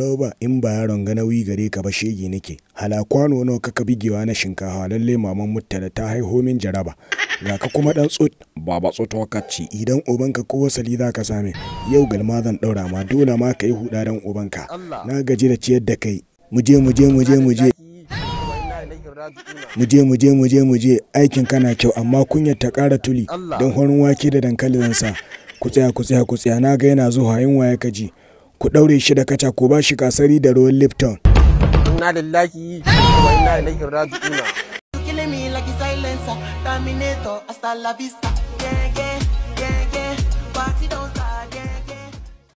korau ba in ba yaron ga nauyi gare ka ba shege nake hala kwano nawa kaka bigewa na shinkafa lalle maman muttala ta haiho min jaraba ga ka kuma dan tsot baba tsoto wakacci idan ubanka ko wasali za ka same yau galma zan daura ma dole ma ka huda dan ubanka na gaji da ciyar da kai muje muje muje muje muje muje muje muje aikin kana kyau amma kunyar ta kara tuli dan horon wake da dankali zan sa ku tsaya ku tsaya ku tsaya na ga yana zuwa yin waya kaji ku ɗaure shi da kaca ku ba shi kasari da ruwan lipton. Inna lillahi wa inna ilaihi raji'un. Killing me a silencer, Terminator, hasta la vista.